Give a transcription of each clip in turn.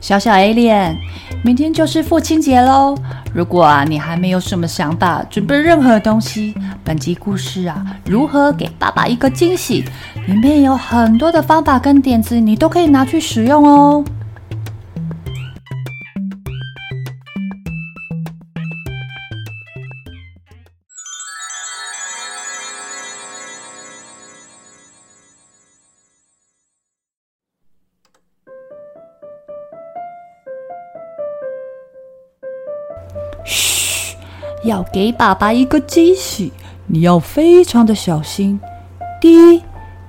小小 Alien，明天就是父親節嘍！如果啊，你還沒有什麼想法，準備任何東西，本集故事啊，如何給爸爸一個驚喜，裡面有很多的方法跟點子，你都可以拿去使用哦。噓，要給爸爸一個驚喜，你要非常的小心。第一，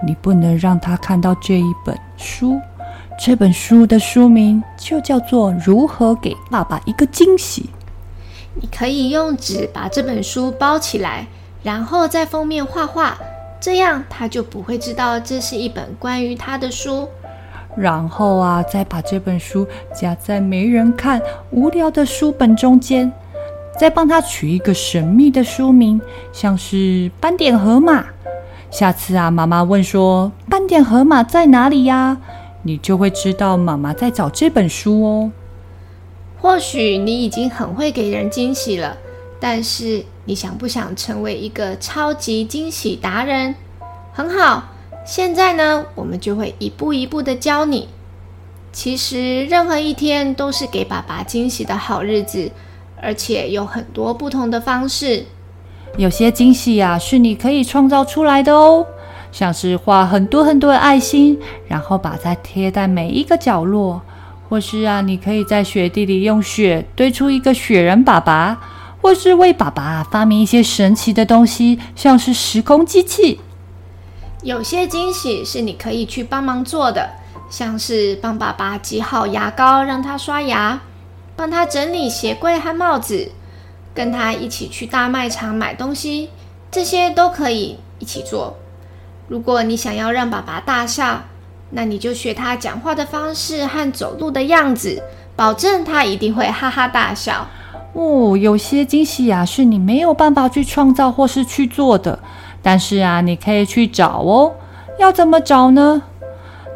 你不能讓他看到這一本書。這本書的書名就叫做《如何給爸爸一個驚喜》。你可以用紙把這本書包起來，然後在封面畫畫，這樣他就不會知道這是一本關於他的書。然後啊，再把這本書夾在沒人看、無聊的書本中間，再幫他取一個神秘的書名，像是斑點河馬。下次啊，媽媽問說斑點河馬在哪裡呀？啊，你就會知道媽媽在找這本書哦。或許你已經很會給人驚喜了，但是你想不想成為一個超級驚喜達人？很好。現在呢，我們就會一步一步的教你。其實，任何一天都是給爸爸驚喜的好日子，而且有很多不同的方式。有些驚喜啊，是你可以創造出來的哦，像是畫很多很多的愛心，然後把它貼在每一個角落；或是啊，你可以在雪地裡用雪堆出一個雪人爸爸；或是為爸爸發明一些神奇的東西，像是時空機器。有些驚喜是你可以去幫忙做的，像是幫爸爸擠好牙膏讓他刷牙，幫他整理鞋櫃和帽子，跟他一起去大賣場買東西，這些都可以一起做。如果你想要讓爸爸大笑，那你就學他講話的方式和走路的樣子，保證他一定會哈哈大笑。哦，有些驚喜呀，是你沒有辦法去創造或是去做的。但是啊，你可以去找哦，要怎麼找呢？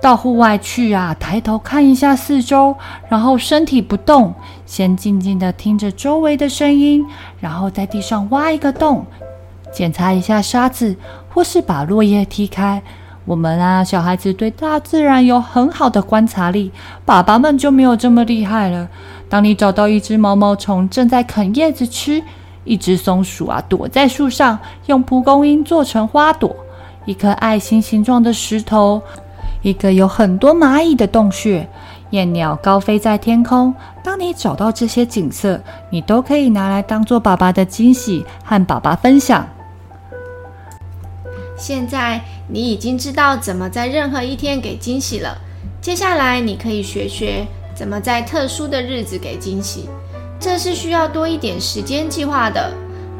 到戶外去啊，抬頭看一下四周，然後身體不動，先靜靜地聽着周圍的聲音，然後在地上挖一個洞，檢查一下沙子，或是把落葉踢開。我們啊，小孩子對大自然有很好的觀察力，爸爸們就沒有這麼厲害了。當你找到一隻毛毛蟲正在啃葉子吃，一隻松鼠啊，躲在樹上，用蒲公英做成花朵；一顆愛心形狀的石頭，一個有很多螞蟻的洞穴，燕鳥高飛在天空。當你找到這些景色，你都可以拿來當做爸爸的驚喜，和爸爸分享。現在你已經知道怎麼在任何一天給驚喜了，接下來你可以學學怎麼在特殊的日子給驚喜。這是需要多一點時間計劃的。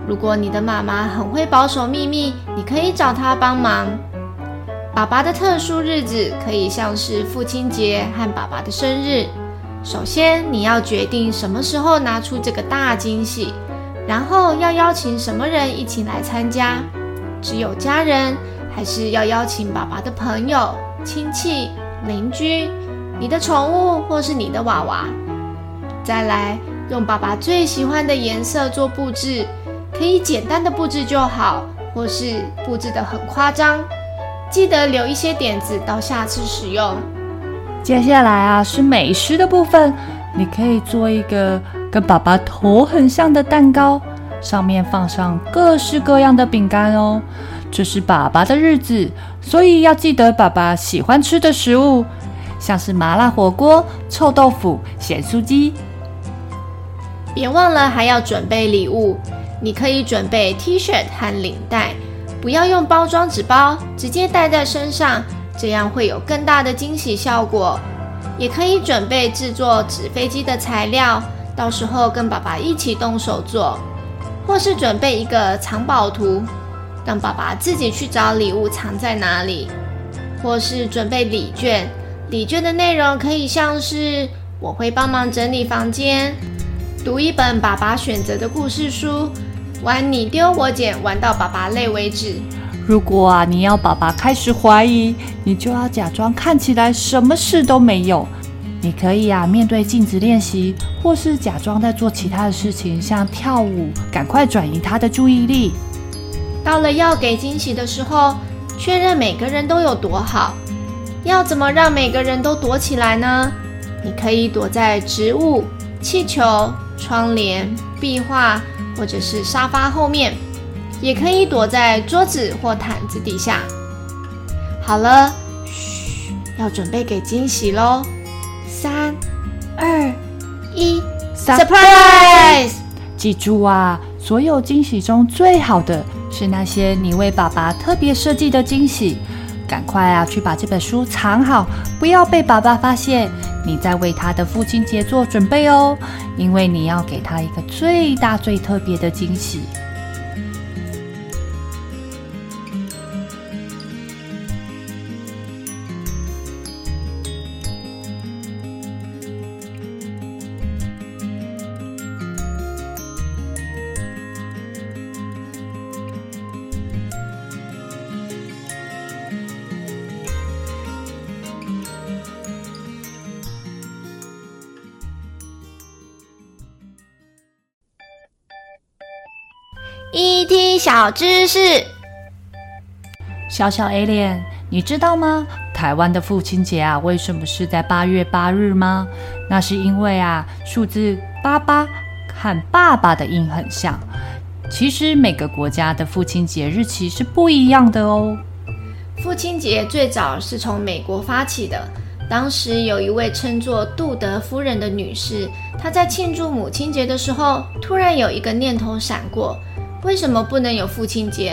如果你的媽媽很會保守祕密，你可以找她幫忙。爸爸的特殊日子可以像是父親節和爸爸的生日。首先，你要決定什麼時候拿出這個大驚喜，然後要邀請什麼人一起來參加。只有家人，還是要邀請爸爸的朋友、親戚、鄰居、你的寵物或是你的娃娃。再來。用爸爸最喜歡的顏色做布置，可以簡單的布置就好，或是布置的很誇張。記得留一些點子到下次使用。接下來啊，是美食的部分，你可以做一個跟爸爸頭很像的蛋糕，上面放上各式各樣的餅乾哦。這是爸爸的日子，所以要記得爸爸喜歡吃的食物，像是麻辣火鍋、臭豆腐、鹹酥雞。別忘了還要準備禮物，你可以準備 T 恤和領帶，不要用包裝紙包，直接帶在身上，這樣會有更大的驚喜效果。也可以準備製作紙飛機的材料，到時候跟爸爸一起動手做。或是準備一個藏寶圖，讓爸爸自己去找禮物藏在哪裡。或是準備禮券，禮券的內容可以像是我會幫忙整理房間。讀一本爸爸選擇的故事書，玩你丟我撿，玩到爸爸累為止。如果啊，你要爸爸開始懷疑，你就要假裝看起來什麼事都沒有。你可以啊，面對鏡子練習，或是假裝在做其他的事情，像跳舞，趕快轉移他的注意力。到了要給驚喜的時候，確認每個人都有躲好。要怎麼讓每個人都躲起來呢？你可以躲在植物、氣球。窗簾、壁畫，或者是沙發後面，也可以躲在桌子或毯子底下。好了，噓，要準備給驚喜咯！三、二、一，surprise！記住啊，所有驚喜中最好的，是那些你為爸爸特別設計的驚喜。趕快啊，去把這本書藏好，不要被爸爸發現。你在為他的父親節做準備哦，因為你要給他一個最大最特別的驚喜。ET 小知識，小小 Alien，你知道嗎？台灣的父親節啊，為什麼是在八月八日嗎？那是因為啊，數字八八和爸爸的音很像。其實每個國家的父親節日期是不一樣的哦。父親節最早是從美國發起的，當時有一位稱作杜德夫人的女士，她在慶祝母親節的時候，突然有一個念頭閃過。為什麼不能有父親節？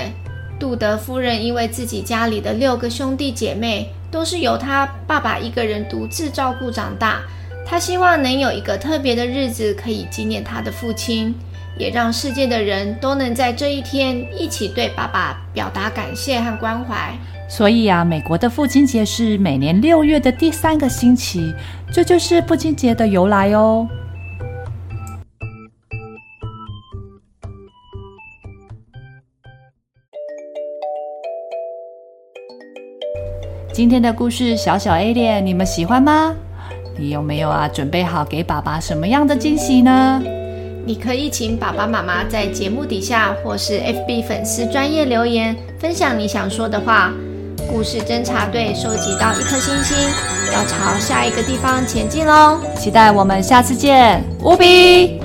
杜德夫人因為自己家裡的六個兄弟姐妹都是由他爸爸一個人獨自照顧長大，他希望能有一個特別的日子可以紀念他的父親，也讓世界的人都能在這一天一起對爸爸表達感謝和關懷。所以啊，美國的父親節是每年六月的第三個星期，這就是父親節的由來哦。今天的故事小小 A 點，你們喜歡嗎？你有沒有啊？準備好給爸爸什麼樣的驚喜呢？你可以請爸爸媽媽在節目底下或是 FB 粉絲專業留言，分享你想說的話。故事偵察隊收集到一顆星星，要朝下一個地方前進嘍！期待我們下次見，五比。